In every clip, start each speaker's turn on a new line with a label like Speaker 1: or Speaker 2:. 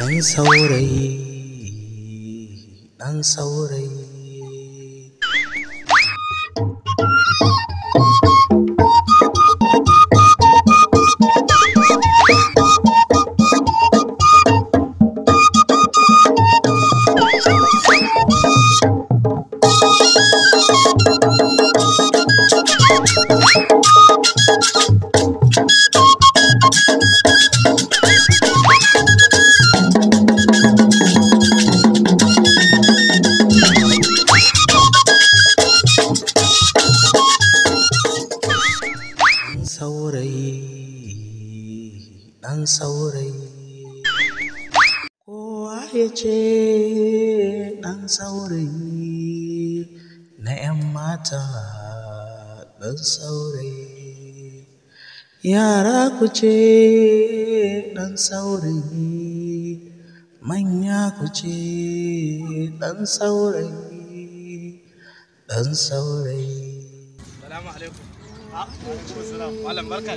Speaker 1: ɗan saurayi ɗan saurayi ɗan saurayi. Kowa ya ce ɗan saurayi na ‘yan mata ɗan saurayi. Yara ku ce ɗan saurayi, manya ku ce ɗan saurayi, ɗan saurayi. Salamu alaikum. Malam barka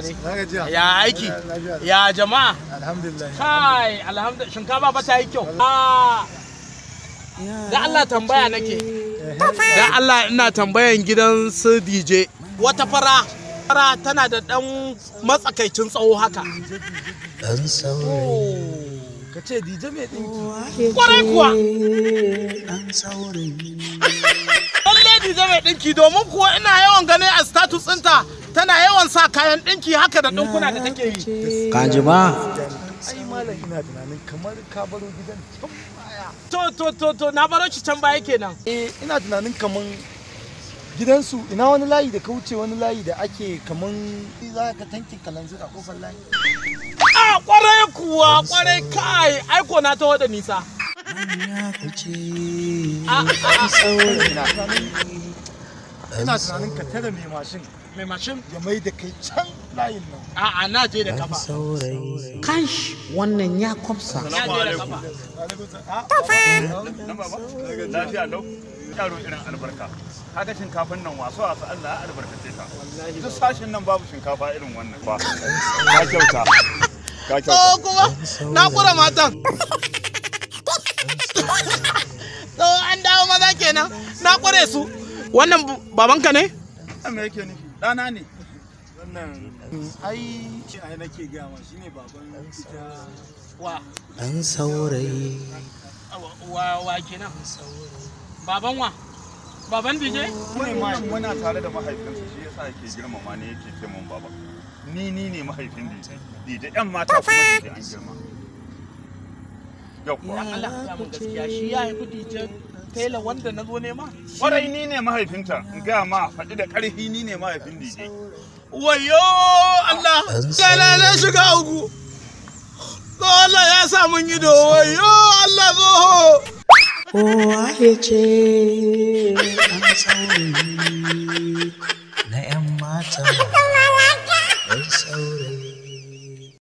Speaker 1: ne. Ya aiki. Ya jama'a. Alhamdulillah. Kai, alhamdulillah. Shinkafa ba ta yi kyau. Ah. Da Allah tambaya nake. Eh. Da Allah ina tambayan gidan su DJ. Wata fara fara tana da ɗan matsakaicin tsawo haka. Ɗan saurayi. Oh, ka ce DJ mai ɗinki. Kwarai kuwa. Ɗan saurayi. Lady Jame ɗinki domin kuwa ina yawan gani a status ɗinta tana yawan sa kayan ɗinki haka da ɗinkuna da take yi. Kanji ma. Ai malam ina tunanin kamar ka baro gidan can baya. To to to to na baro shi can baya kenan. Eh ina tunanin kamar gidansu ina wani layi da ka wuce wani layi da ake kaman za ka tankin kalanzir a kofar layi. A ah, kwarai kuwa kwarai kai aiko na ta wada nisa. ya fice ah, ah, ah. ina tunanin ka tare mai mashin mai mashin ya mai da kai can layin nan a na je da kafa saurayi kansh wannan ya kwamsa tafe lafiya lau yaro irin albarka kaga shinkafan nan wasu wasu Allah ya albarkace ta duk sashen nan babu shinkafa irin wannan ba ka kyauta ka kyauta oh, kuma na kura matan kenan na kware su wannan babanka ne me yake nufi dana ne wannan ai shi ai nake ga ma shine baban ita wa dan saurayi wa wa kenan baban wa baban dije muna tare da mahaifinsa shi yasa yake girmama ne yake ce mun baba ni ni ne mahaifin dije dije yan mata kuma dije an girma yau kuwa Allah ya mu gaskiya shi ya haifi dije tela wanda na zo nema Warai ni ne mahaifinta ga ma faɗi da ƙarfi ni ne mahaifin dije wayo Allah tela ne shiga uku ko Allah ya sa mun yi do wayo Allah zo kowa ya ce an na 'yan mata